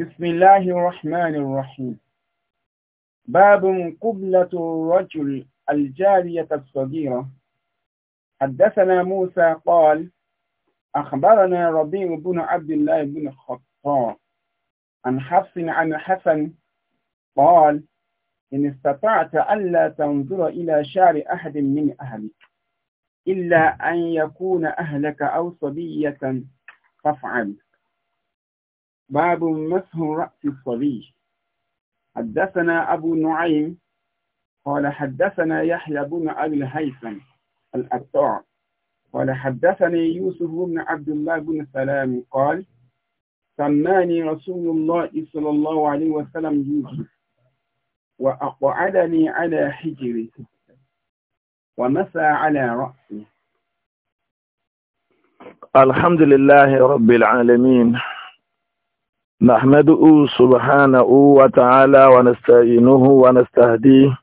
بسم الله الرحمن الرحيم باب قبلة الرجل الجارية الصغيرة حدثنا موسى قال أخبرنا ربيع بن عبد الله بن الخطاب عن حفص عن حسن قال إن استطعت ألا تنظر إلى شعر أحد من أهلك إلا أن يكون أهلك أو صبية فافعل باب مسح رأس الصبي حدثنا أبو نعيم قال حدثنا يحيى بن أبي الهيثم الأقطاع قال حدثني يوسف بن عبد الله بن سلام قال سماني رسول الله صلى الله عليه وسلم يوسف وأقعدني على حجري ومسى على رأسي الحمد لله رب العالمين نحمده سبحانه وتعالى ونستعينه ونستهديه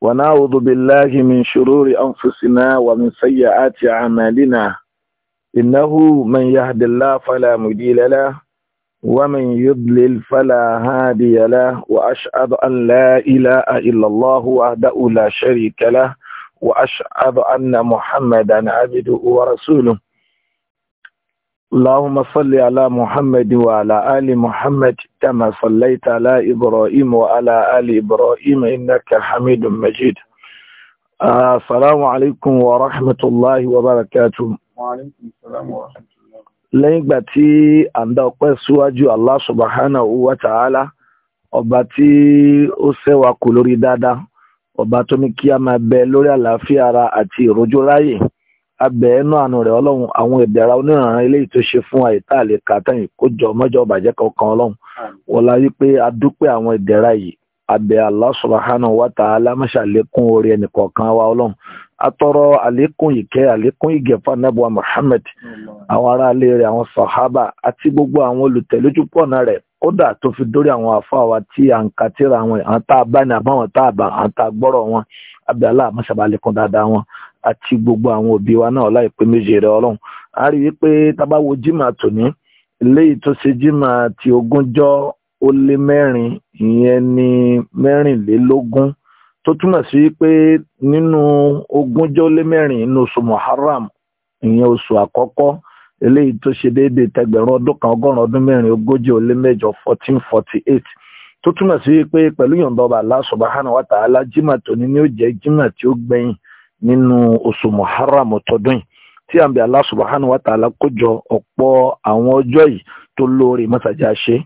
ونعوذ بالله من شرور أنفسنا ومن سيئات أعمالنا إنه من يهد الله فلا مديل له ومن يضلل فلا هادي له وأشهد أن لا إله إلا الله وحده لا شريك له وأشهد أن محمدا عبده ورسوله اللهم صل على محمد وعلى آل محمد كما صليت على إبراهيم وعلى آل إبراهيم إنك حميد مجيد آه السلام عليكم ورحمة الله وبركاته وعليكم السلام ورحمة الله lẹ́yìn ìgbà tí à ń dá ọpẹ́ síwájú Allah subhanahu wa ta'ala ọba tí ó ṣẹ́wà kò lórí dáadáa ọba tó ní kí a máa bẹ lórí àlàáfíà ara àti ìrójú ráyè abẹ ẹnu àánú rẹ̀ ọlọ́run àwọn ìdẹ̀ra oníranran eléyìí tó ṣe fún àìtá lè kà kó jọ mọjọ bàjẹ́ kankan ọlọ́run wọn la rí pé a dúpẹ́ àwọn ìdẹ̀ra yìí abẹ Allah subhanahu alámọṣàlékún atọrọ àlékún àlékún nẹbùa àwọn àwọn sàhábà àti gbogbo àwọn náà kódà tó fi dórí àwọn tí ń ka tíra wọn àti gbogbo àwọn òbí wa náà láìpé méje rẹ ọlọ́run a rí i pé tábàwo jimá tòní eléyìí tó ṣe jimá ti ogúnjọ́ ó lé mẹ́rin ìyẹn ní mẹ́rìnlélógún tó túmọ̀ sí pé nínú ogúnjọ́ ó lé mẹ́rin nínú oṣù muharram ìyẹn oṣù àkọ́kọ́ eléyìí tó ṣe déédéé tẹgbẹ̀rún ọdún kan ọgọ́rùn-ún ọdún mẹ́rin ogójì ó lé mẹ́jọ fourteen forty eight tó túmọ̀ sí pé pẹ̀lú yọ̀ǹda ọba Allah subhanahu wa ta'ala jimá tòní ni ó jẹ́ jimá tí ó gbẹ̀yìn nínú oṣù muharram tọdún yìí tí à ń bẹ Allah subhanahu wa ta'ala kójọ ọ̀pọ̀ àwọn ọjọ́ yìí tó lóore mọ́sàájá ṣe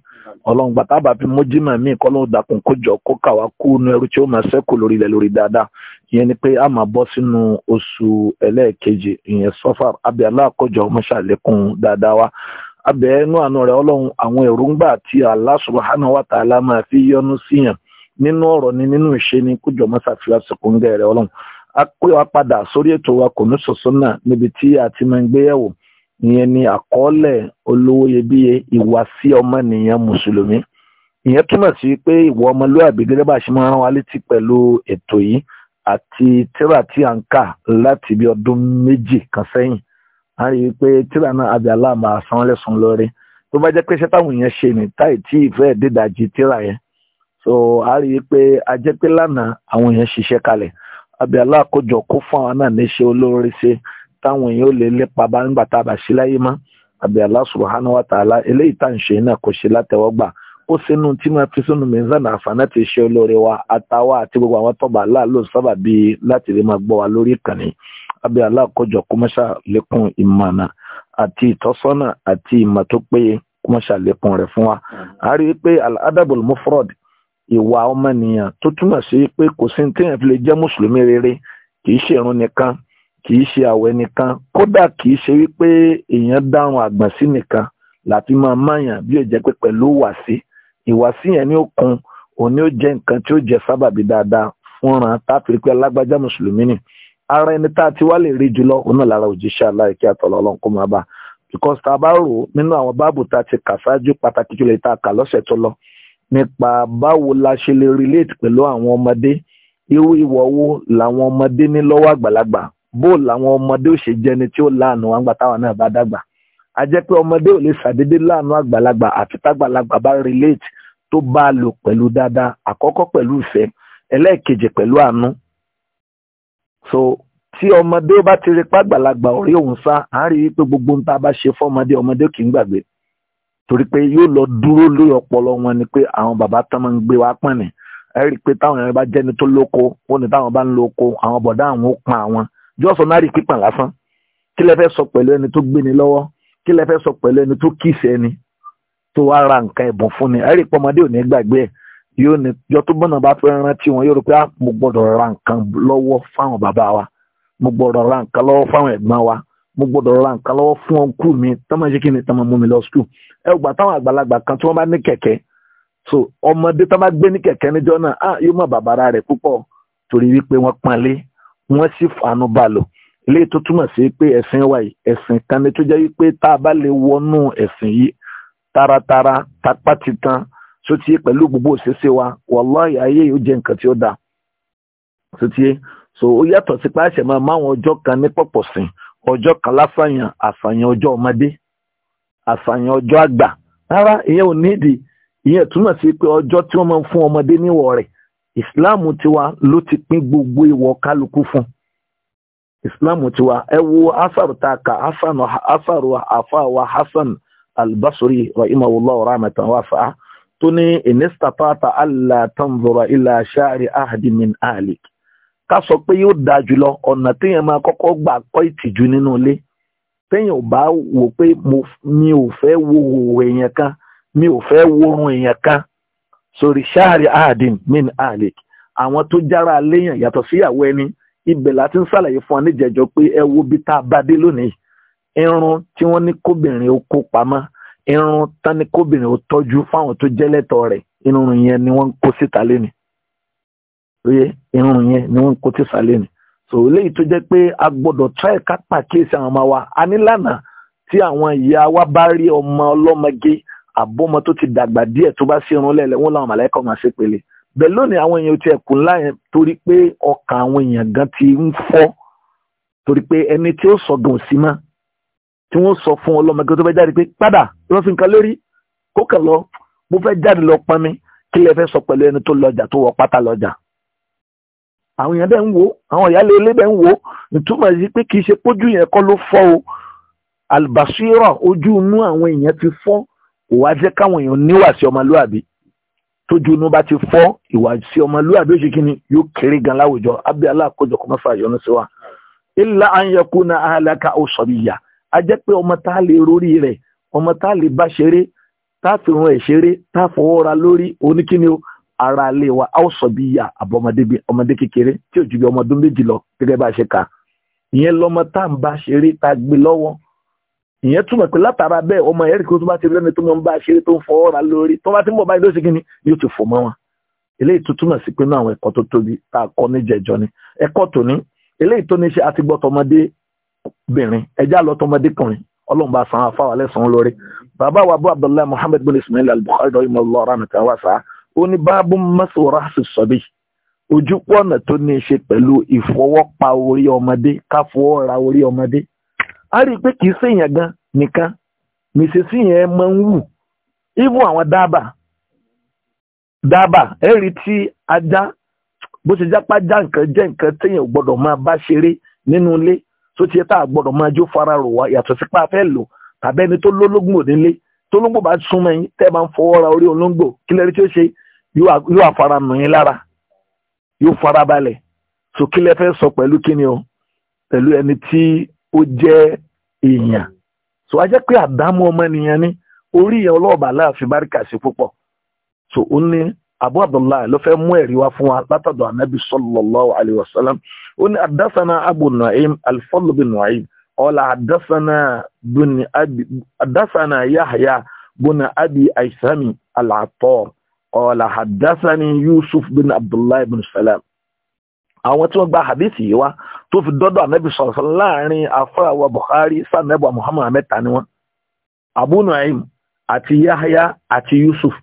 ọlọ́run gbàtà bá fi mójímọ̀ míì kọ́lọ́run dàkún kójọ kó kàwá kú nu ẹrú tí ó máa ṣẹ́kù lórí lórí dáadáa ìyẹn a máa sínú oṣù ìyẹn dáadáa wa abẹ́ àwọn èròǹgbà tí wa fi síyàn nínú ni ni kójọ a pè wá padà sórí ètò wa kò ní sọ̀sọ́ náà níbi tí a ti máa ń gbéyẹ̀wò ìyẹn ni àkọọ́lẹ̀ olówó iyebíye ìwàsí ọmọnìyàn mùsùlùmí ìyẹn túmọ̀ sí pé ìwọ ọmọlúwàbí gẹ́gẹ́ bá ṣe máa ń rán wa létí pẹ̀lú ètò yìí àti tíra tí a ń kà láti bí ọdún méjì kan sẹ́yìn a rí i pé tíra náà abẹ́ aláàmà san lẹ́sùn lórí tó bá jẹ́ pé iṣẹ́ táwọn ṣe ní táì tí ìfẹ́ dídàjì tíra yẹn so a rí i pé a jẹ́ pé lánàá àwọn èèyàn ṣiṣẹ́ kalẹ̀ àbí aláàkójọ kó fún àwọn náà níṣẹ́ olóore ṣe táwọn èèyàn ò lè lépa bá nígbà tá a bá ṣe láyé mọ́ àbí Allah subhanahu wa ta'ala eléyìí tá à ń ṣe náà kò ṣe látẹ̀wọ́gbà ó sínú tí máa fi sínú mizan àǹfààní ti ṣe olóore wa àtàwa àti gbogbo àwọn tọ́ba aláàlú sábà bíi láti lè máa gbọ́ wa lórí ìkànnì àbí aláàkójọ kó mọ́ṣà lékún ìmọ̀nà àti ìtọ́sọ́nà àti ìmọ̀ tó péye kó mọ́ṣà rẹ̀ fún wa. a pé al ìwà ọmọnìyàn tó túmọ̀ sí pé kò sí ní téèyàn fi lè jẹ́ mùsùlùmí rere kì í ṣe ìrun nìkan kì í ṣe àwẹ̀ nìkan kódà kì í ṣe wípé èèyàn dárun àgbọ̀nsí nìkan láti máa máyàn bí ó jẹ́ pé pẹ̀lú wàsí ìwàsí yẹn ní òkun òun ni ó jẹ́ nǹkan tí ó jẹ́ sábàbí dáadáa fúnra táàpì pé alágbájá mùsùlùmí ni ara ẹni tá a ti wá lè rí jùlọ òun náà lára òjíṣẹ́ aláì kí àtọ̀lọ́ ọlọ́run kó máa bá because tá a bá rò ó nínú àwọn báàbù tá a ti kà ṣáájú pàtàkì jùlọ ìta kà lọ́sẹ̀ tó lọ nípa báwo la ṣe lè relate pẹ̀lú àwọn ọmọdé irú ìwọ̀ wo làwọn ọmọdé ní lọ́wọ́ àgbàlagbà bó làwọn ọmọdé ò ṣe jẹni tí ó láàánú àgbà táwọn náà bá dàgbà a jẹ́ pé ọmọdé ò lè ṣàdédé láàánú àgbàlagbà àti tágbàlagbà bá relate tó bá a lò pẹ̀lú dáadáa àkọ́kọ́ pẹ̀lú ìfẹ́ ẹlẹ́ẹ̀kejì pẹ̀lú àánú so tí ọmọdé bá ti rí pàgbàlagbà ò rí òun sá à ń rí i pé gbogbo ń tá bá ṣe fọ́mọdé ọmọdé kì í gbàgbé torí pé yóò lọ dúró lórí ọpọlọ wọn ni pé àwọn bàbá tán máa ń gbé wa pọ̀n ni ẹ rí i pé táwọn èèyàn bá jẹ́ni tó lóko ó ní táwọn bá ń lóko àwọn bọ̀dá àwọn ó pọn àwọn jọ́sọ̀ náà rí pípọ̀n lásán kí lẹ fẹ́ sọ pẹ̀lú ẹni tó gbéni lọ́wọ́ kí lẹ fẹ́ sọ pẹ̀lú ẹni tó kíìsì ẹni tó wá ra nǹkan ẹ̀bùn fún ni ẹ rí i pé ọmọdé ò ní gbàgbé ẹ̀ yóò ní jọ tó bọ́nà bá fẹ́ rántí wọn yóò rí pé ah, mo gbọ́dọ̀ ra nǹkan lọ́wọ́ fáwọn bàbá wa mo gbọ́dọ̀ mo gbọ́dọ̀ ra nǹkan lọ́wọ́ fún ọkù mi tọ́mọ ṣe kí ni tọ́mọ mú mi lọ skul ẹ gbà táwọn àgbàlagbà kan tí wọ́n bá ní kẹ̀kẹ́ so ọmọdé tó bá gbé ní kẹ̀kẹ́ níjọ́ náà ah yóò mọ bàbára rẹ̀ púpọ̀ torí wípé wọ́n panlé wọ́n sì fàánú bá lò ilé tó túmọ̀ sí pé ẹ̀sìn wa yìí ẹ̀sìn kan ni tó jẹ́ wípé tá a bá lè wọnú ẹ̀sìn yìí taratara tapá titan tó ti yé pẹ̀lú gbogbo òṣèṣe wa wàláhì ayé yóò jẹ́ nǹkan tí ó dáa tó ti yé so ó yàtọ̀ sí pé àṣẹ máa máwọn ọjọ́ kan ní pọ̀pọ̀ sìn ọjọ́ kan lásàyàn àṣàyàn ọjọ́ ọmọdé àṣàyàn ọjọ́ àgbà rárá ìyẹn ò nídìí ìyẹn túmọ̀ sí pé ọjọ́ tí wọ́n máa ń fún ọmọdé níwọ̀ rẹ̀ islam tiwa ló ti pín gbogbo ìwọ̀ kálukú fún islam tiwa ẹ wo asaru ta ka asaru afa wa hasan albasri rahimahullah rahmatan wa tó ní inistapata allah tanzura ila sha'ri ahadi min ahlik ká sọ pé yóò dáa jùlọ ọ̀nà téèyàn máa kọ́kọ́ gbà kọ́ ìtìjú nínú ilé téèyàn ò bá wò pé mi ò fẹ́ wo òwò èèyàn kan mi ò fẹ́ worun èèyàn kan sórí ṣáàrì ahadin min ahlik àwọn tó jára léèyàn yàtọ̀ síyàwó ẹni ibẹ̀ láti ń ṣàlàyé fún wa pé ẹ wo bí tá a bá dé lónìí irun tí wọ́n ní kóbìnrin ó kó pamọ́ irun tán ní kóbìnrin ó tọ́jú fáwọn tó jẹ́lẹ́tọ̀ rẹ̀ irun yẹn ni wọ́n kó síta lénìí oyè irun yẹn ni wọ́n kó tí sàlẹ̀ ni so eléyìí tó jẹ́ pé a gbọ́dọ̀ try ká pàkíyèsí àwọn ọmọ wa a ní lánàá tí àwọn ìyá wa bá rí ọmọ ọlọ́mọge àbọ́mọ tó ti dàgbà díẹ̀ tó bá sí irun lẹ́lẹ̀ wọ́n làwọn màláìkà máa ṣe pẹ̀lẹ́ bẹ́ẹ̀ lónìí àwọn èèyàn ti ẹ̀kú ńlá yẹn torí pé ọkàn àwọn èèyàn gan ti ń fọ́ torí pé ẹni tí ó sọ̀dùn sí mọ́ tí wọ́n sọ fún ọlọ́mọge tó fẹ́ jáde pé padà lọ́ fi nǹkan lórí kó kàn lọ mo fẹ́ jáde lọ pọnmi kí lẹ fẹ́ sọ pẹ̀lú ẹni tó lọjà tó wọ pátá lọjà àwọn èèyàn bẹ́ẹ̀ ń wo àwọn ìyáálé ilé bẹ́ẹ̀ ń wo ìtumọ̀ sí pé kì í ṣe pójú yẹn kọ́ ló fọ́ o albasira ojú inú àwọn èèyàn ti fọ́ kò wá jẹ́ káwọn èèyàn níwà sí tójú inú bá ti fọ́ ìwà sí ó ṣe kí ni yóò kéré gan láwùjọ abẹ́ aláàkójọ kò mẹ́fà yọnu sí wa illa an yakuna ahlaka aw sabiya a jẹ́ pé ọmọ tá a lè rórí rẹ̀ ọmọ tá a lè bá ṣeré tá a fi ràn ẹ̀ ṣeré tá a fọwọ́ ra lórí oníkíni o ara ilé wa a ó sọ bí ìyá àbọ̀mọdé kékeré tí ò ju bí ọmọ ọdún méjì lọ gẹ́gẹ́ bá a ṣe kà ìyẹn lọmọ tá à ń bá ṣeré tá a gbé lọ́wọ́ ìyẹn túmọ̀ pé látara bẹ́ẹ̀ ọmọ ẹ̀rí kí ó tó bá ti rí ẹni tó mọ̀ ń bá ṣeré tó ń fọ ọ̀rà lórí tó bá ti ń bọ̀ báyìí ló ṣe kíni yóò ti fò mọ́ wọn eléyìí tó túmọ̀ sí pé náà àwọn ni ẹ̀kọ́ tòní eléyìí tó ní ṣe àti gbọ́ tọmọdé bìnrin ẹja lọ tọmọdé kùnrin ọlọ́run bá san afáwà lẹ́sàn-án lórí bàbá wa bú Abdullahi Muhammad bin Ismail al-Bukhari rahimahullah rahmatan wasa ó ní báàbù mọ́sòrò àṣìṣọ́bí ojú pọ̀nà tó ní í ṣe pẹ̀lú ìfọwọ́pa orí ọmọdé káfọwọ́ ra orí ọmọdé a rí i pé kì í ṣèyàn gan nìkan mìsísì yẹn máa ń wù even àwọn dábà dábà ẹ̀rí tí ajá bó ṣe jápá já nǹkan jẹ́ nǹkan téèyàn gbọ́dọ̀ máa bá ṣeré nínú ilé tó ti yẹ tá a gbọ́dọ̀ máa jó fara rò wá yàtọ̀ sí pa lò tàbí tó lólógùn ònílé tó bá súnmọ́ yín tẹ́ ẹ ń fọwọ́ ra orí olóńgbò kílẹ̀ tí ó ṣe yóò àfaranù yín lára yóò farabalẹ̀ sókílẹ̀ fẹ́ sọ pẹ̀lú kíni o pẹ̀lú ẹni tí ó jẹ́ èèyàn so a jẹ́ pé àdámọ́ ọmọnìyàn ni orí yẹn ọlọ́ọ̀bà láàfin báríkà sí púpọ̀ so ó ní abu abdullahi ló fẹ́ mú ẹ̀rí wá fún wa látọ̀dọ̀ anabi sallallahu alayhi wa sallam ó ní adásánà abu nu'aym al-fadl bin nu'aym ọ̀la adásánà bin abi adásánà yahya bin abi aisami al-attar ọ̀la hadasani yusuf bin abdullahi bin salam àwọn tí wọ́n gba hadisi yìí wá tó fi dọ́dọ̀ anabi sọ̀rọ̀ láàrin afáwà bukhari sanẹ́bà muhammad mẹ́ta ni wọ́n abu nu'aym àti yahya àti yusuf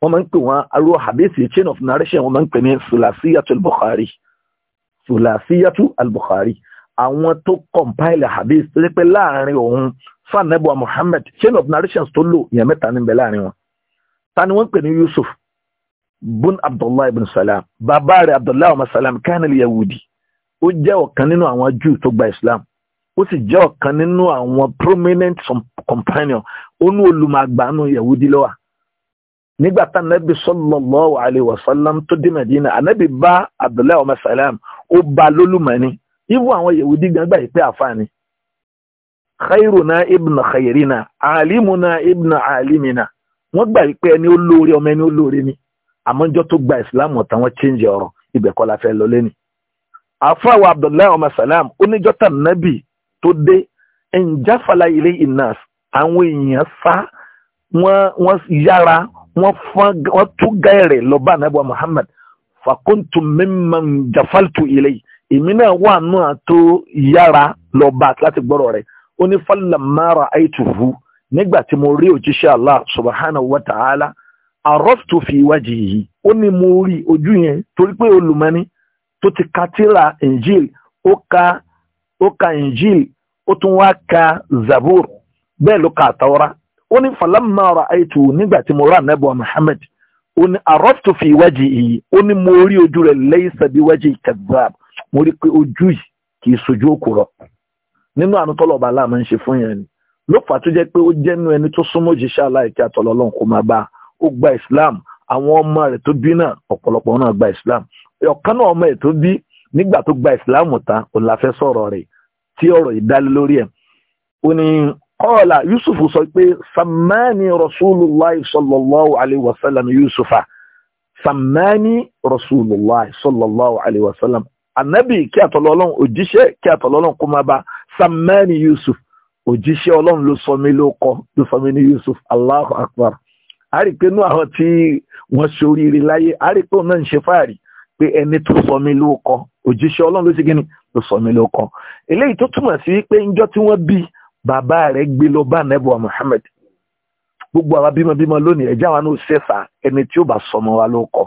wọ́n máa ń pè wọ́n hadisi chain of narration wọ́n máa ń pè ní sulasiyatu al-bukhari sulasiyatu al-bukhari àwọn tó compile hadith tó jẹ́ pé láàrin òun sanẹ́bà muhammad chain of narrations tó lò ìyẹn mẹ́ta níbẹ̀ láàrin wọn ta ni wọ́n pè ní Yusuf bun Abdullahi ibn Salam bàbá rẹ̀ Abdullahi ọmọ Salam kánil Yahudi ó jẹ́ ọ̀kan nínú àwọn Júù tó gba Islam ó sì jẹ́ ọ̀kan nínú àwọn prominent companion ó ní olùmọ̀gbà nù Yahudi lọ́wọ́ nígbà tá anabi sallallahu alayhi wa sallam tó dé Medina anabi bá Abdullahi ọmọ Salam ó ba lólùmọ̀ni ibu àwọn Yahudi gan gbà àfààní khayruna ibn khayrina alimuna ibn alimina wọ́n gbà wípé ẹni ó lóore ọmọ ẹni ó lóore ni àmọ́ ìjọ tó gba ìsìlámù ọ̀tá wọn change ọ̀rọ̀ ibẹ̀ kọ́ la fẹ́ lọ lẹ́nu. àfàwọ̀ abdullahi ọmọ salam oníjọ́tà nàbì tó dé ẹ̀ǹjáfàlà ilé inas àwọn èèyàn sá wọ́n yára wọ́n tú gẹ́rẹ̀ lọ́ba nàbì wa muhammad fàkóńtù mimman jafaltu ilé èmi náà wà náà tó yára lọ́ba láti gbọ́rọ̀ rẹ̀ ó ní falamara aituhu nígbà tí mo rí òjíṣẹ́ Allah subhanahu wa ta'ala arọ́tò fi ìwájì yìí ó ní mo rí ojú yẹn torí pé olùmọ́ni tó ti ka tíra injil ó ka ó ka injil ó tún wá ka zabur bẹ́ẹ̀ ló ka àtàwọ́rá ó ní falamma ra'aytu nígbà tí mo rà nẹ́bọ̀ Muhammad ó ní arọ́tò fi ìwájì yìí ó ní mo rí ojú rẹ̀ laysa bí wájì kadhab mo rí pé ojú yìí kì í sojú òkúrọ̀ nínú àánú aláàmọ́ ń ṣe fún yẹn ni ló fà tó jẹ́ pé ó jẹ́nu ẹni tó súnmọ́ òjíṣẹ́ aláìkẹ́ àtọ̀lọ́lọ́n kò máa bá ó gba islam àwọn ọmọ rẹ̀ tó bí náà ọ̀pọ̀lọpọ̀ náà gba islam ọ̀kan náà ọmọ ẹ̀ tó bí nígbà tó gba islam tán òun la fẹ́ sọ̀rọ̀ rẹ̀ tí ọ̀rọ̀ yìí dálé lórí ẹ̀ ó ní yusuf sọ pé samani rasulillah sallallahu alayhi wa sallam yusufa samani rasulillah sallallahu alayhi wa sallam anabi kí àtọ̀lọ́lọ́n òjíṣẹ́ kí àtọ̀lọ́lọ́n kó máa bá samani yusuf òjíṣẹ́ ọlọ́run ló sọ mí ló kọ ló sọ mí ní Yusuf Allahu Akbar a rí pé inú àwọn tí wọ́n ṣe oríire láyé a rí pé òun náà ń ṣe fáàrí pé ẹni tó sọ mí ló kọ òjíṣẹ́ ọlọ́run ló sì gíní ló sọ mí ló kọ eléyìí tó túmọ̀ sí pé njọ́ tí wọ́n bí bàbá rẹ̀ gbé lọ bá nẹ́bọ̀ Muhammad gbogbo àwa bímọ bímọ lónìí ẹ̀jẹ̀ àwọn náà ṣẹ̀ṣà ẹni tí ó bá sọmọ wa ló kọ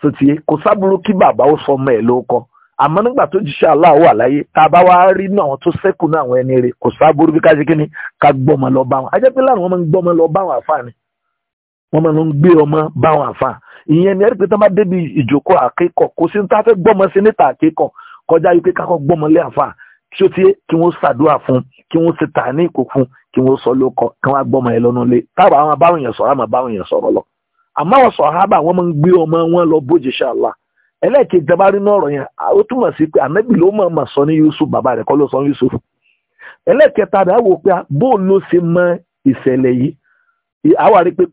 tó ti kò sábúrú kí bàbá ó sọmọ ẹ̀ ló kọ àmọ́ nígbà tó jíṣẹ́ Allah wà láyé tá a bá wá rí náà àwọn tó sẹ́kù náà àwọn ẹni rẹ̀ kò sábúrú bí kájí kí ni ká gbọ́mọ lọ bá wọn ajẹ́ pé láàrin wọn máa ń gbọ́mọ lọ bá wọn àfa ni wọn máa ń gbé ọmọ bá wọn àfa ìyẹn ni ẹ̀rí pé tá a bá débi ìjòkó àkẹ́kọ̀ọ́ kò sí tá a fẹ́ gbọ́mọ sí níta àkẹ́kọ̀ọ́ kọjá yìí pé kákọ́ gbọ́mọ lé àfa tí kí wọ́n ṣàdúrà fún kí wọ́n ti tà ní ìkó fún kí wọ́n sọ ló kọ kí wọ́n gbọ́mọ ẹ lọ́nu lé táwọn àwọn abáwọn yẹn sọ̀rọ̀ àmọ́ àwọn sọ̀rọ̀ àbá wọn máa ń gbé ọmọ wọn lọ bójì ṣáàlà ẹlẹ́ẹ̀kejì tá a bá rí náà ọ̀rọ̀ yẹn ó túmọ̀ sí pé ànábì ló mọ̀ mọ̀ sọ ní Yusuf bàbá rẹ̀ kọ́ ló sọ Yusuf ẹlẹ́ẹ̀kẹta rẹ̀ á wò pé bóun ló ṣe mọ ìṣẹ̀lẹ̀ yìí á wà rí pé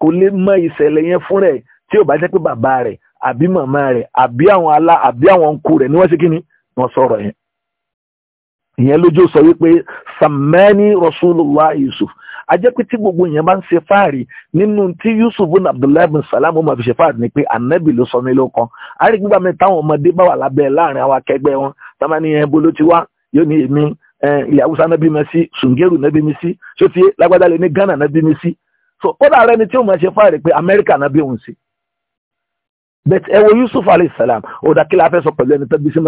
kò lè mọ ìṣẹ̀lẹ̀ yẹn fún rẹ̀ tí ò bá jẹ́ pé bàbá rẹ̀ àbí màmá rẹ̀ àbí àwọn alá àbí àwọn nkú rẹ̀ ni wọ́n ṣe kí ni wọ́n sọ̀rọ̀ yẹn ìyẹn lójú sọ wípé samani Rasulullah Yusuf ajẹ́ pé tí gbogbo èèyàn bá ń ṣe fáàrí nínú tí Yusuf bin Abdullahi bin Salam ó fi ṣe fáàrí ni pé anabi ló sọ mí ló kan á rí gbígbà mi táwọn ọmọdé bá wà lábẹ́ láàrin àwọn akẹgbẹ́ wọn táwọn máa ní ẹ bolo ti wá yóò ní èmi ilẹ̀ haúsá náà bí mi sí sùngẹ́rù náà bí mi sí sọ́tí lágbádá lè ní Ghana náà bí mi sí so kódà rẹni tí ó máa ṣe fáàrí pé Amẹ́ríkà náà bí òun sí bet ẹ Yusuf alayhi salam ọ̀dà kí la fẹ́ sọ pẹ̀lú ẹni tó bí sí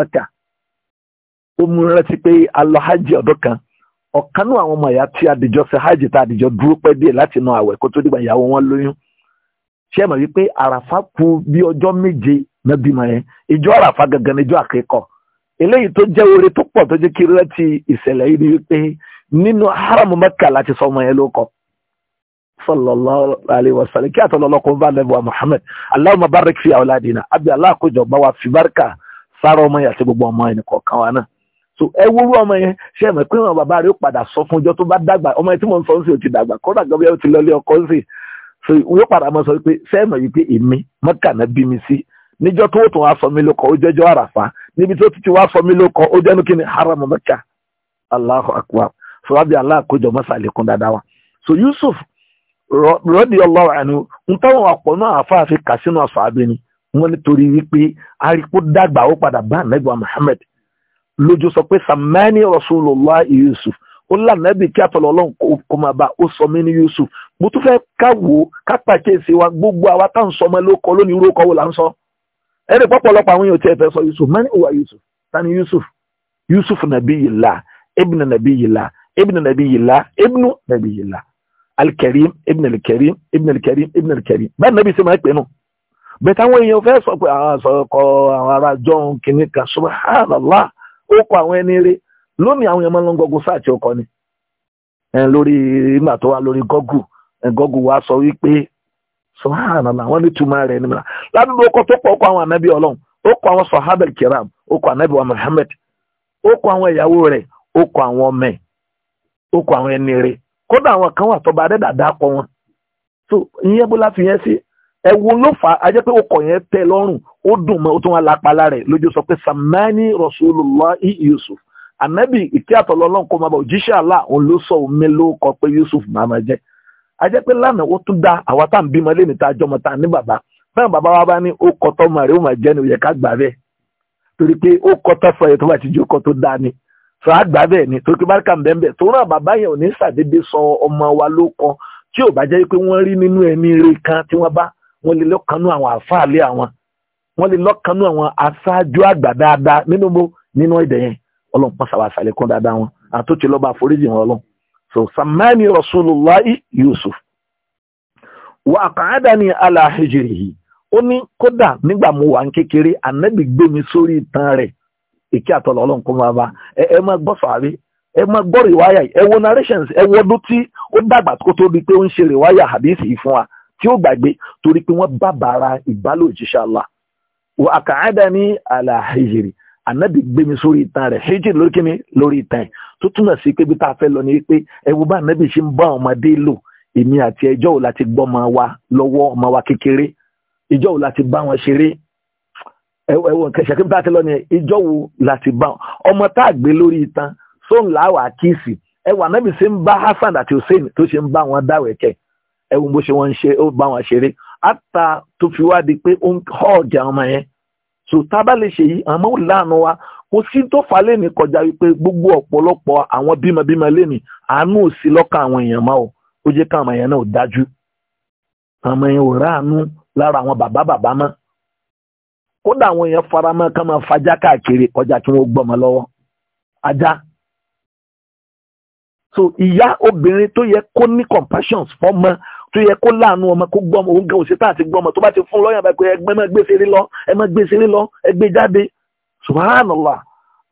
ọ̀kan náà àwọn ọmọ ìyá tí adìjọ ṣe hajj tá adìjọ dúró pẹ́ díẹ̀ láti na àwẹ̀ kó tó dìgbà ìyàwó wọn lóyún ṣé ẹ mọ̀ wípé àràfà kù bí ọjọ́ méje náà bímọ yẹn ìjọ àràfà gangan ni ìjọ àkẹ́kọ̀ eléyìí tó jẹ́ oore tó pọ̀ tó jẹ́ kí rántí ìṣẹ̀lẹ̀ yìí ni wípé nínú haram mẹ́kà láti sọ ọmọ yẹn ló kọ́ sallallahu alaihi wasallam kí àtọ́lọ́lọ́kùn bá lẹ́bù wa Muhammad barik fi auladina àbí aláàkójọ bá wa fi bárkà sára ọmọ yẹn àti gbogbo ọmọ yẹn so ẹ wúrú ọmọ yẹn ṣe é mọ̀ pé wọn bàbá rẹ̀ ó padà sọ fún ọjọ́ tó bá dàgbà ọmọ yẹn tí mò ń sọ ń sè ó ti dàgbà kódà gbọ́ bí ó ti lọlé ọkọ ń sè so yóò padà mọ sọ pé ṣe é mọ̀ yìí pé èmi mọ́kànnà bí mi sí níjọ́ tó tún wá sọ mí lóko ó jẹ́jọ́ àràfà níbi tó ti wá sọ mí lóko ó jẹ́nu kí ni haram Mẹ́kà Allahu akbar so wábi aláàkójọ mọ́sàlẹ̀kùn dáadáa wa so Yusuf rọ́dí ọlọ́wọ́ àánú ń táwọn ọ̀pọ̀ náà àfáàfin kà sínú ọ̀sọ̀ abẹ́ni wọn nítorí wípé arípò dàgbà ó padà bá ànágbà Muhammad lójú sọ pé samani rasulullah yusuf ó lànàbì kí àtọ̀lọ́ ọlọ́run kò máa bá ó sọ mí ní yusuf mo tún fẹ́ káwò kápákéèsì wa gbogbo àwa tá à ń sọ ọmọ ló kọ lónìí irú ọkọ wo là ń sọ ẹnì pọ́pọ́lọpọ̀ àwọn èèyàn tí ẹ fẹ́ sọ yusuf mani huwa yusuf tani yusuf yusuf nabiyillah ibnu nabiyillah ibnu nabiyillah ibnu nabiyillah alkarim ibnu alkarim ibnu alkarim ibnu alkarim bẹ́ẹ̀ nàbí sẹ́ máa pè nù bẹ́ẹ̀ táwọn èèyàn fẹ́ sọ pé àwọn àṣọ ọkọ̀ àwọn ará john kìnnìkan subhanallah ó kọ àwọn ẹni rí lónìí àwọn èèyàn máa ń lọ gọgùn sáàtì ọkọ ni lórí ìgbà tó wà lórí gọgù gọgù wa sọ wípé sọhánàlá wọn ní túmọ̀ rẹ̀ nígbà ládùúgbò ọkọ tó pọ̀ ọkọ àwọn ànábì Ọlọ́run ó àwọn sọhábẹl kiram ó kọ wa Muhammad ó àwọn ìyàwó rẹ̀ àwọn àwọn ẹni rí kódà àwọn kan wà ẹ̀wù ló fà á jẹ́ pé ọkọ̀ yẹn tẹ́ lọ́rùn ó dùn mọ́ ó tún wá lápalá rẹ̀ lójú sọ pé samani Rasulullahi Yusuf anabi ìkí àtọ̀lọ́ ọlọ́run kó máa bọ̀ òjíṣẹ́ àlá òun ló sọ omi ló kọ pé Yusuf máa máa jẹ́ a jẹ́ pé lánàá ó tún dá àwa tá à ń bímọ lé níta àjọmọ tá à ní bàbá báyọ̀ bàbá wa bá ní ó kọtọ́ máa rí ó máa jẹ́ ni ó yẹ ká gbà bẹ́ẹ̀ torí pé ó kọtọ́ fún ẹ̀yẹ tó bá ti jó tó dáa ni sọ àgbà bẹ́ẹ̀ ni torí pé bárkà ń bẹ́ẹ̀ tó ràn bàbá yẹn ò ní sàdédé sọ ọmọ wa ló kọ tí ò bá jẹ́ pé wọ́n rí nínú ẹni rè kan tí wọ́n bá wọ́n lè lọ́kànnú àwọn àfáàlé àwọn wọ́n lè lọ́kànnú àwọn aṣáájú àgbà dáadáa nínú bó nínú èdè yẹn ọlọ́run pọ́n sàwọn àṣàlẹ̀ kún dáadáa wọn lọ́ba so samani rasulullahi yusuf wa ala hijrihi ó ní kódà nígbà mo wà ń kékeré ànábì gbé mi sórí ìtàn rẹ̀ ìkí àtọ̀lọ̀ ọlọ́run kó narrations ẹ ọdún tí ó dàgbà tó di pé tí ó gbàgbé torí pé wọ́n bá bàrà ìbálò òjíṣẹ́ Allah wà àkàádà ní àlàhìjìrì ànábì gbé mi sórí ìtàn rẹ̀ hijiri lórí kíni lórí ìtàn tó túmọ̀ sí pé bí tá a fẹ́ lọ ni pé ẹ wo bá ànábì ṣe ń bá ọmọdé lò èmi àti ẹjọ́ ò láti gbọ́ ọmọ wa lọ́wọ́ ọmọ wa kékeré ìjọ wo láti bá wọn ṣeré ẹwọ ṣẹkí bá ti lọ ni ìjọ wo láti bá ọmọ tá a gbé lórí ìtàn sóun làwà kíìsì ẹwà ànábì ṣe ń bá Hasan àti Hussein tó ṣe ń bá wọn dáwẹ̀kẹ́ ẹwù bó ṣe wọ́n ń ṣe ó bá wọn ṣeré àtà tó fi wá di pé ó ń họ́ọ̀jà ọmọ yẹn so tábà lè ṣe yìí àmọ́ láàánú wa kò sí tó fà lẹ́ni kọjá wípé gbogbo ọ̀pọ̀lọpọ̀ àwọn bímọbímọ lẹ́ni àánú ò sí lọ́kàn àwọn èèyàn máa o ó jẹ́ káwọn èèyàn náà dájú àwọn èèyàn ò ráàánú lára àwọn bàbá bàbá mọ́ kódà àwọn èèyàn faramọ́ ká máa fajá káàkiri kọjá kí wọ́n gbọ́mọ lọ́wọ́ ajá so ìyá obìnrin tó yẹ kó ní compassions fọ́mọ tó yẹ kó láàánú ọmọ kó gbọ́ ọmọ òun gan òṣèpá àti gbọ́ ọmọ tó bá ti fún lọ́yàn bá pé ẹgbẹ́ máa gbé seré lọ ẹ máa gbé seré lọ ẹ gbé jáde subhanallah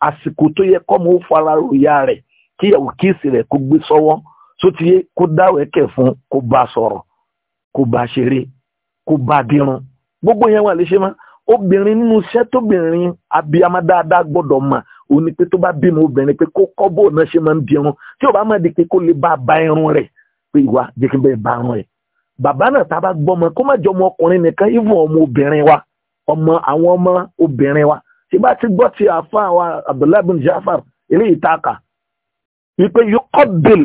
àsìkò tó yẹ kọ́mọ ó fara ròyà rẹ̀ kí òkèèsì rẹ̀ kó gbé sọ́wọ́ sótìyé kó dáwọ̀ ẹ̀kẹ́ fún kó bá sọ̀rọ̀ kó bá ṣeré kó bá dirun gbogbo yẹn wà lè ṣe má obìnrin nínú iṣẹ́ tóbìnrin abiyamọ dáadáa gbọ́dọ̀ mọ̀ òun pé tó bá bímọ obìnrin pé kó kọ́ bó náà ṣe máa ń dirun tí ò bá máa di pé kó lè bá ba irun rẹ̀ pé ìwà jẹ́ kí n bẹ́ẹ̀ bá rún ẹ̀ bàbá náà tá a bá gbọ́mọ kó má jọ ọmọ ọkùnrin nìkan even ọmọ obìnrin wa ọmọ àwọn ọmọ obìnrin wa tí bá ti gbọ́ ti àfa wa Abdullahi bin Jafar eléyìí tá a kà wípé yuqabbil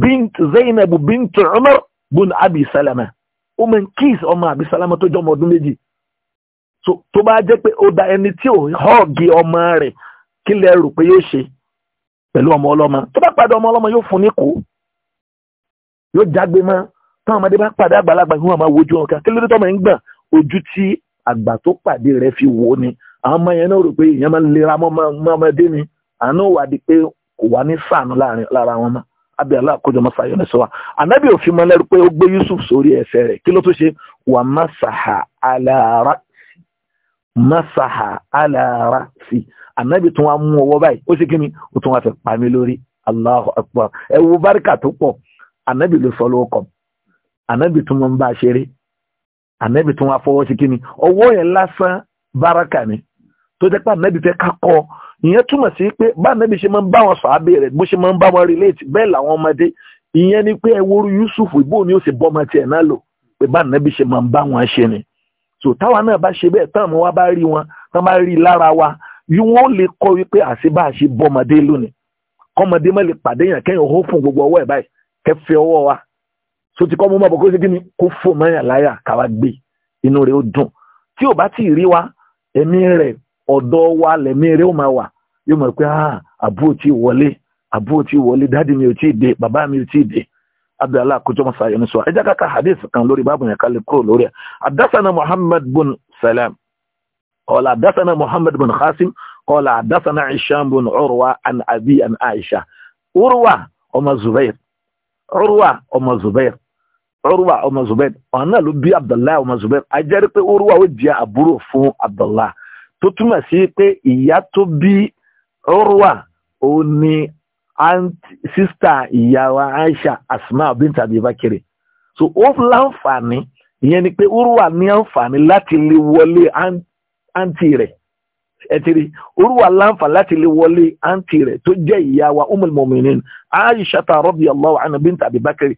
bint Zainab bint Umar bin Abi Salama ó mọ̀ ń ọmọ Abi Salama tó jọ ọmọ ọdún méjì tó bá jẹ́ pé ó da ẹni tí ò họ́ọ̀gì ọmọ rẹ̀ kí lẹ rò pé yóò ṣe pẹ̀lú ọmọ ọlọ́mọ tó bá padà ọmọ ọlọ́mọ yóò fún ní kó yóò jágbe mọ́ táwọn ọmọdé bá pàdé àgbàlagbà kí wọ́n máa wojú wọn kan kí ló dé tọ́mọ yẹn ń gbọ̀n ojú tí àgbà tó pàdé rẹ̀ fi wò ni àwọn ọmọ yẹn náà rò pé ìyẹn máa ń lera mọ́ ọmọdé ni àánú wà di pé kò wá ní sàánú lára wọn mọ́ abẹ́ aláàkójọ mọ́sá yọ̀ lẹ́sọ̀ wa ànábì òfin mọ́ lẹ́rú pé ó gbé Yusuf sórí ẹsẹ̀ rẹ̀ kí ló tó ṣe wà masaha alára masaha alára sí ànábì tún wá mú ọwọ́ báyìí ó ṣe kí ni ó tún wá fẹ́ pa mí lórí Allahu akbar ẹ wo báríkà tó pọ̀ ànábì ló sọ lóko ànábì tún mọ́ ń bá a ṣeré ànábì tún wá fọwọ́ sí kíni ọwọ́ yẹn lásán báraka ni tó jẹ́ pé ànábì fẹ́ ìyẹn túmọ̀ sí pé bá ànábì ṣe máa ń bá wọn sọ abẹ́ rẹ̀ bó ṣe máa ń bá wọn relate bẹ́ẹ̀ làwọn ọmọdé ìyẹn ni pé ẹwúrú Yusuf ìbò ni ó sì bọ́ ọmọ tiẹ̀ náà lò pé bá ànábì ṣe máa ń bá wọn ṣe ni so táwa náà bá ṣe bẹ́ẹ̀ táwọn wa bá rí wọn tán bá rí lára wa yí wọ́n lè kọ́ wípé àṣebáṣe bọ́mọdé lónìí kọ́mọdé má lè pàdé yàn kẹ́yìn ó fún gbogbo ọwọ́ ẹ̀ báyìí kẹfẹ ọwọ́ wa so ti kọ́ mú mọ́ kó ṣe kí ni kó fò mọ́yà láyà káwa gbé inú rẹ̀ ó dùn tí ò bá tí ì rí wa ẹ̀mí rẹ̀ ọ̀dọ̀ wa lẹ̀mí rẹ̀ ó máa wà yóò mọ̀ pé ah, àbúrò tí wọlé àbúrò tí wọlé dáàdì mi ò tí ì dé bàbá mi ò tí ì dé abdullahi akójọmọ sàyẹn sọ ẹ jẹ́ hadith kan lórí báàbò yẹn kálí kúrò lórí ẹ̀ adásánà muhammad bin salam قال adasana محمد بن خاسم قال حدثنا هشام بن عروة عن أبي عن عائشة عروة أم الزبير urwa ọmọ zubair urwa ọmọ zubair ọ̀hún náà ló bí abdullahi ọmọ zubair ajẹ́rìí pé urwa ó jẹ́ àbúrò fún abdullahi tó túmọ̀ sí pé ìyá tó bí urwa ó ní sísítà ìyá wa aisha asma bint abi bakiri so ó láǹfààní ìyẹn ni pé urwa ní àǹfààní láti lè wọlé àǹtí rẹ̀ ẹtìrì orúwa láǹfà láti lè wọlé àǹtí rẹ̀ tó jẹ́ ìyá wa umul mu'minin aisha ta radiyallahu anha bint abi bakr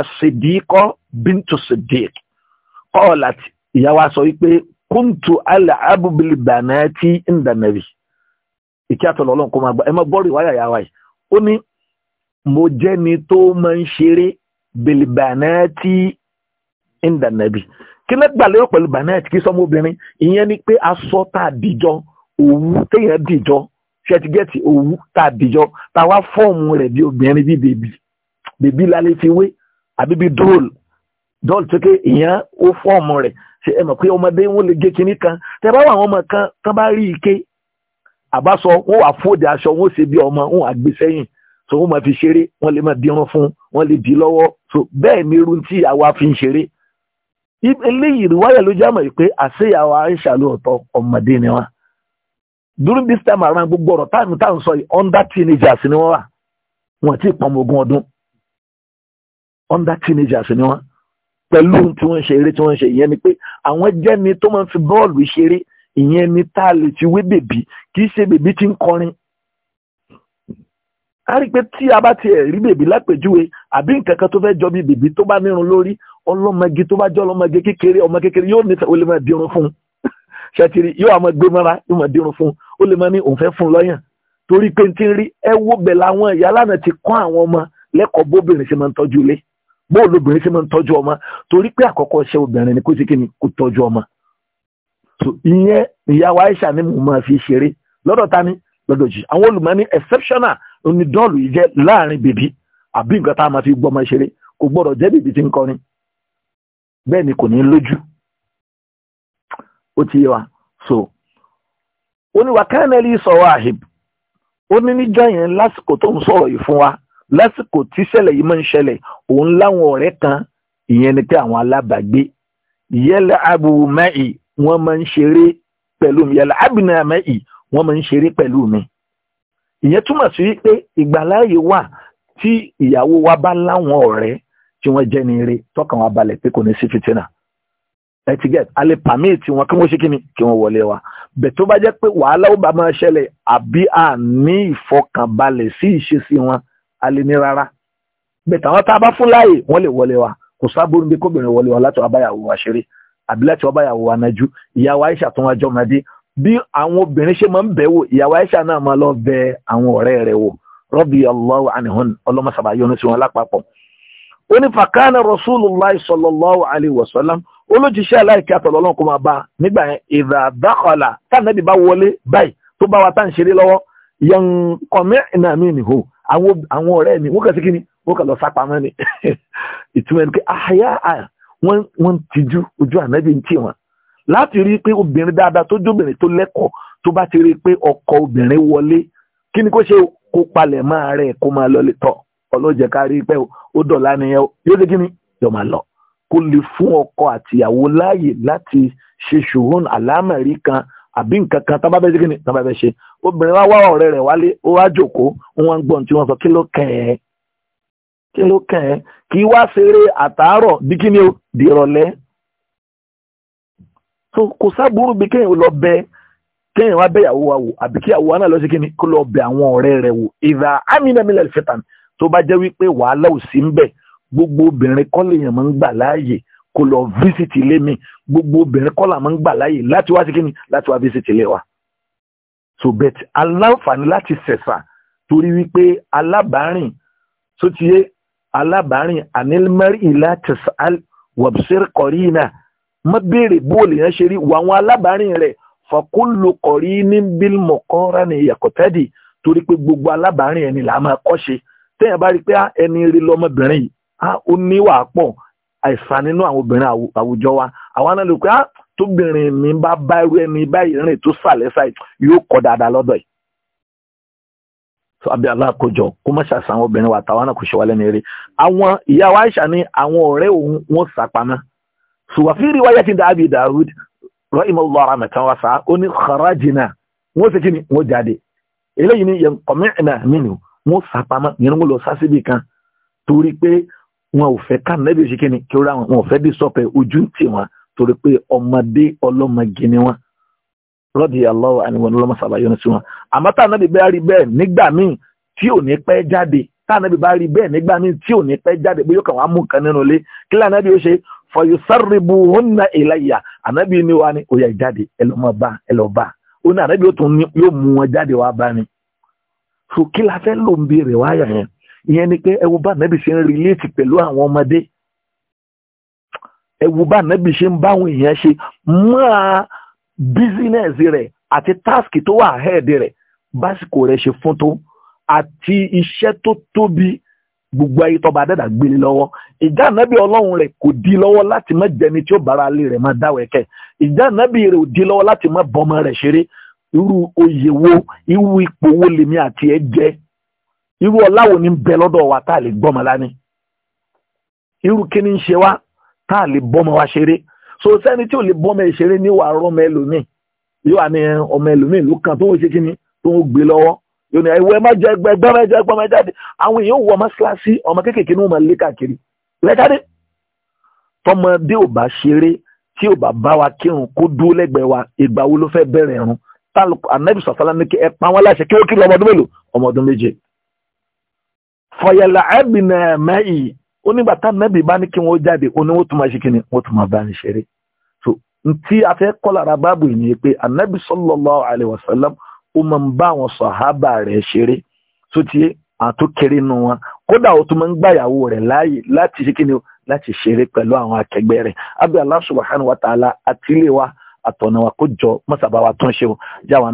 as-siddiqa bintu siddiq qalat ìyá wa sọ wípé kuntu al'abu bil banati inda nabi ìkí àtọ̀lọ́ ọlọ́run kó máa gbà ẹ máa bọ́ọ̀rì wáyà yà wáyì ó ní mo jẹ́ ni tó máa ń ṣeré bil banati inda nabi kí lẹ́gbàlérò pẹ̀lú banati kí sọmọ obìnrin ìyẹn ni pé aṣọ tá a dìjọ òwú téèyàn dìjọ ṣẹtigẹ́tì òwú tá a dìjọ tá a wá fọ́ọ̀mù rẹ̀ bí obìnrin bí bèbí bèbí lálẹ́ fi wé àbí bí dóòlù dóòlù tó ké ìyẹn ó fọ́ọ̀mù rẹ̀ ṣe ẹ mọ̀ pé ọmọdé wọn lè gé kinní kan tẹ bá wà àwọn ọmọ kan tán bá rí ike àbáṣọ wọn wà fóde aṣọ wọn ṣe bí ọmọ wọn àgbé sẹ́yìn so wọn máa fi ṣeré wọn lè máa dirun fún wọn lè dì lọ́wọ́ so bẹ́ẹ̀ ni irú tí àwa fi ń ṣeré eléyìí ìrìwáyà ló jámọ̀ pé àṣeyàwó àìṣà lóòótọ́ ọmọdé ni wọn during this time around gbogbo ọ̀rọ̀ táìmù táìmù sọ yìí under teenagers ni wọ́n wà wọ́n ti pọ̀ ogún ọdún under teenagers ni wọ́n pẹ̀lú tí wọ́n ń ṣe eré tí wọ́n ń ṣe ìyẹn ni pé àwọn jẹ́ni tó máa ń fi bọ́ọ̀lù ṣeré ìyẹn ni tá a lè ti wé bèbí kì í ṣe bèbí tí ń kọrin a rí i pé tí a bá ti rí bèbí lápèjúwe àbí nǹkan kan tó fẹ́ jọ bí bèbí tó bá nírun lórí ọlọ́mọge tó bá jọ ọlọ́mọge kékeré ọmọ kékeré yóò nífẹ̀ẹ́ olè máa dirun fún un ṣètìrì yóò àmọ́ gbé mọ́ra yóò máa dirun fún un ó lè máa ní òun fẹ́ fún un lọ́yàn torí pé ti ń rí ẹ wo bẹ̀ làwọn ìyá lánàá ti kọ́ àwọn ọmọ lẹ́kọ̀ọ́ bóbìnrin ṣe máa ń tọ́jú ilé bóò lóbìnrin ṣe máa ń tọ́jú ọmọ torí pé àkọ́kọ́ iṣẹ́ obìnrin ni kó ṣe kí ni kó tọ́jú ọmọ ìyẹn ìyàwó Aisha ni mo máa fi ṣeré lọ́dọ̀ ta ni lọ́dọ̀ jù àwọn olùmọ̀ ní exceptional onídọ́ọ̀lù yìí jẹ́ láàrin bèbí àbí nǹkan tá a máa fi gbọ́mọ ṣeré kò gbọ́dọ̀ jẹ́ bèbí tí ń kọrin bẹ́ẹ̀ ni kò ní lójú ó ti yé wa so ó ní wàkánẹ́lì sọ̀rọ̀ àhìb ó ní níjọ́ yẹn lásìkò tó ń sọ̀rọ̀ yìí fún wa lásìkò tí ìṣẹ̀lẹ̀ yìí máa ń ṣẹlẹ̀ òun láwọn ọ̀rẹ́ kan ìyẹn ni pé àwọn alábàágbé yẹlẹ abu mẹ́ì wọ́n máa ń ṣeré pẹ̀lú mi yẹlẹ abinah mẹ́ì wọ́n máa ń ṣeré pẹ̀lú mi ìyẹn túmọ̀ sí wípé ìgbàláyè wà tí ìyàwó wa bá láwọn ọ̀rẹ́ tí wọ́n jẹ́ ní eré tọkàn wa balẹ̀ pé kò ní sí fìtínà etiquette a lè permit wọn kí wọ́n ṣe kíni kí wọ́n wọlé wa bẹ̀ tó bá jẹ́ pé wàhálà ó bá máa ṣẹlẹ̀ àbí à ní ìfọkànbalẹ̀ sí ìṣesí wọn a lè ní rárá bẹ̀ tàwọn tá a bá fún láàyè wọ́n lè wọlé wa kò sábòrò bí kóbìnrin wọlé wa láti wá báyàwó wa ṣeré àbí láti wá báyàwó wa nájú ìyàwó Aisha tó wọn jọmọdé bí àwọn obìnrin ṣe máa ń bẹ̀ wò ìyàwó Aisha náà máa lọ bẹ̀ àwọn ọ̀rẹ́ rẹ̀ wò radiyallahu anhun ọlọ́mọsàbà Rasulullah sallallahu alaihi wasallam olójíṣẹ́ aláìkẹ́ àtọ̀lọ́ ọlọ́run kò máa bá nígbà yẹn ìdá dákọ̀là táànẹ́bì bá wọlé báyìí tó bá wa tá à ń ṣeré lọ́wọ́ yan kọ̀mí iná mi nìho àwọn ọ̀rẹ́ mi wọ́n kàn kí ni wọ́n kàn lọ sá pamọ́ ni ìtumọ̀ ẹni pé àyà wọ́n ti ju ojú ànẹ́bì ń tì wọ́n láti rí i pé obìnrin dáadáa tó jóbìnrin tó lẹ́kọ̀ọ́ tó bá ti rí i pé ọkọ obìnrin wọlé kí ni kó ṣe kó palẹ̀ máa rẹ̀ kó máa lọ lè tọ̀ ọlọ́jẹ̀ rí i pé ó dọ̀la nìyẹn yóò dé kí ni yóò máa lọ kó lè fún ọkọ àti ìyàwó láàyè láti ṣe ṣòhún àlámẹ̀rí kan àbí nǹkan kan tá bá fẹ́ ṣe kí ni tá bá fẹ́ ṣe obìnrin wá wá ọ̀rẹ́ rẹ̀ wálé ó wá jòkó wọn gbọ́n tí wọ́n sọ kí ló kàn ẹ́ kí ló kàn ẹ́ kí wá ṣeré àtàárọ̀ bí kí ni ó di ìrọ̀lẹ́ so kò sábúrú bí kéèyàn lọ bẹ kéèyàn wá bẹyàwó wa wò àbí kí àwọn náà lọ sí kíni kó lọ bẹ àwọn ọ̀rẹ́ rẹ̀ wò ìdá ámì náà mílẹ̀ fẹ́tàn tó bá jẹ́ wípé wàhálà ò sí ń bẹ̀ gbogbo obìnrin kọ́ lèèyàn máa ń gbà láàyè kó lọ fíṣítì ilé mi gbogbo obìnrin kọ́ là máa ń gbà láàyè láti wá sí kí ni láti wá fíṣítì ilé wa. so bet aláǹfààní láti sẹ̀sà torí wípé alábàárìn tó ti yé alábàárìn anilmari ilá tẹ̀sán wọ̀bṣẹ́rì kọ̀rí náà má béèrè bó lèèyàn ṣe rí wọ àwọn alábàárìn rẹ̀ fọkúnlò kọ̀rí ní bílmọ̀kọ́ra ní ìyàkọ̀tẹ́dì torí pé gbogbo alábàárìn ẹni là á máa kọ́ ṣe téèyàn bá rí pé ah, ẹni rí lọ́mọbìnrin yìí ó níwà pọ̀ àìsàn nínú àwọn obìnrin àwùjọ wa àwọn náà lè pé á ah, tóbìnrin mi bá bá irú ẹni báyìí rìn tó sàlẹ̀ sáì yóò kọ́ dáadáa lọ́dọ̀ yìí. sọ abẹ́ alákòjọ kó má ṣàṣà àwọn obìnrin wa táwọn náà kò ṣe wá lẹ́nu eré àwọn ìyá wa Aisha ní àwọn ọ̀rẹ́ òun wọn sàpamọ́ sùwàfíìrì wáyé ti dà bí Dawud rahim allah rahmatan wasa ó ní kharajina wọn ṣe kí ni wọn jáde eléyìí ni yẹn kọ̀mí mí ni wọn sàpamọ́ yẹn ń lọ sásìbì kan torí pé wọn ò fẹ́ ká nẹ́bí ṣe kíni kí ó rà wọn wọn ò fẹ́ dé sọ́pẹ̀ ojú tì wọn torí pé ọmọdé ọlọ́mọge ni wọn rọ́dì aláwọ̀ àníwọ̀n ọlọ́mọ sàlàyé ọ̀nà sí wọn àmọ́ tá nẹ́bí bá rí bẹ́ẹ̀ nígbà míì tí ò ní pẹ́ jáde tá nẹ́bí bá rí bẹ́ẹ̀ nígbà míì tí ò ní pẹ́ jáde bóyá kàn wá mú kan nínú ilé kí lànà bí ó ṣe fọyọsárìbù húnna ìlàyà ànábì ni wa ni ó yá jáde ẹlọmọba ẹlọba ó ní ànábì ó tún yóò mú wọn jáde wá bá ni ìyẹn ni pé ẹwù bá nẹ́bì ṣe ń rìlẹ́ẹ̀tì pẹ̀lú àwọn ọmọdé ẹwù bá nẹ́bì ṣe ń báwọn èèyàn ṣe mọ́ra bísínẹ́sì rẹ̀ àti táàsì tó wà hẹ́ẹ̀dì rẹ̀ básìkò rẹ̀ ṣe fún tó àti iṣẹ́ tó tóbi gbogbo ayé tọba adẹ́dà gbélé lọ́wọ́ ìjà ànábì ọlọ́run rẹ̀ kò di lọ́wọ́ láti má jẹni tí ó bára lé rẹ̀ má dáwẹ̀kẹ́ ìjà ànábì rẹ̀ ò di lọ́wọ́ láti má bọ́mọ rẹ̀ ṣeré irú oyè wo irú ipò wo lèmi àti ẹ jẹ́ irú ọláwo ní bẹ lọ́dọ̀ wa tá a lè gbọ́mọ lání irú kí ni ń ṣe wá tá lè bọ́mọ wa ṣeré so sẹ́ni tí ò lè bọ́mọ ìṣeré ní wàá rọ́mọ ẹlòmíì yóò wà ní ọmọ ẹlòmíì ló kàn tó ń ṣe kíni tó ń gbé lọ́wọ́ yóò ní ẹwẹ́ má jẹ ẹgbẹ́ ẹgbẹ́ mẹ́jẹ ẹgbẹ́ mẹ́jẹ jáde àwọn èèyàn wọ ọmọ síláṣí ọmọ kéékèèké ní wọn máa káàkiri lẹ́jáde tọmọdé ò bá ṣeré tí ò bá bá wa kírun kó dúró lẹ́gbẹ̀ẹ́ wa ìgbà wo ló fẹ́ bẹ̀rẹ̀ ẹ̀rùn tálùkù ànábì sọ̀sálá ní kí ẹ pa wọn láṣẹ kí wọ́n kí lọ́mọdún mélòó ọmọdún méje fọyẹlẹ ẹbìnà mẹyì onígbà tá nẹbì bá ní kí wọn jáde oní wọn tún máa ṣe kíni wọn tún máa bá ní ṣeré so ntí afẹ kọlára báàbù yìí ni pé anabi sallallahu alaihi wasallam ó máa ń bá àwọn sọhábà rẹ̀ ṣeré tó tiẹ àtúnkiri nù wọn kódà ó tún máa ń gbàyàwó rẹ̀ láàyè láti ṣe kíni láti ṣeré pẹ̀lú àwọn akẹgbẹ́ rẹ̀ abẹ Allah subhanahu wa ta'ala àtìlẹ wa àtọ̀nà wa kó jọ mọ́sàbá wa tún ṣe o jáwa